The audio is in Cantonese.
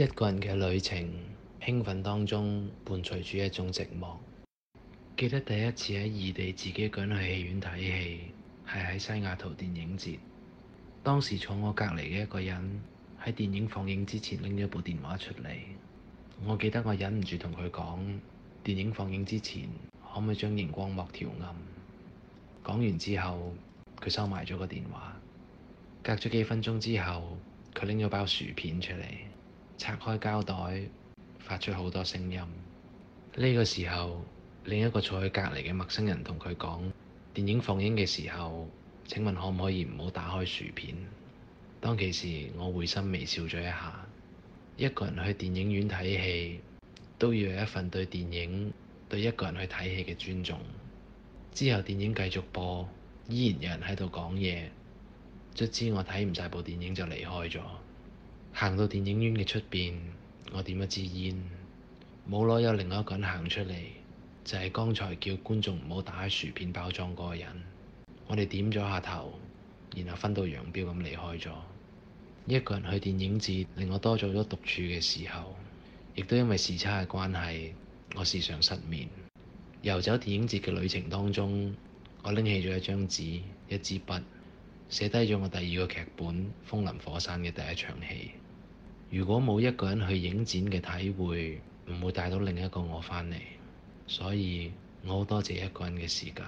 一個人嘅旅程，興奮當中伴隨住一種寂寞。記得第一次喺異地自己一個人去戲院睇戲，係喺西雅圖電影節。當時坐我隔離嘅一個人喺電影放映之前拎咗部電話出嚟。我記得我忍唔住同佢講：電影放映之前可唔可以將熒光幕調暗？講完之後，佢收埋咗個電話。隔咗幾分鐘之後，佢拎咗包薯片出嚟。拆開膠袋，發出好多聲音。呢個時候，另一個坐喺隔離嘅陌生人同佢講：電影放映嘅時候，請問可唔可以唔好打開薯片？當其時，我會心微笑咗一下。一個人去電影院睇戲，都要有一份對電影、對一個人去睇戲嘅尊重。之後電影繼續播，依然有人喺度講嘢，卒之我睇唔晒部電影就離開咗。行到電影院嘅出邊，我點一支煙，冇攞有另外一個人行出嚟，就係、是、剛才叫觀眾唔好打開薯片包裝嗰個人。我哋點咗下頭，然後分道揚鑣咁離開咗。一個人去電影節，令我多咗咗獨處嘅時候，亦都因為時差嘅關係，我時常失眠。遊走電影節嘅旅程當中，我拎起咗一張紙、一支筆，寫低咗我第二個劇本《風林火山》嘅第一場戲。如果冇一個人去影展嘅體會，唔會帶到另一個我返嚟，所以我好多謝一個人嘅時間。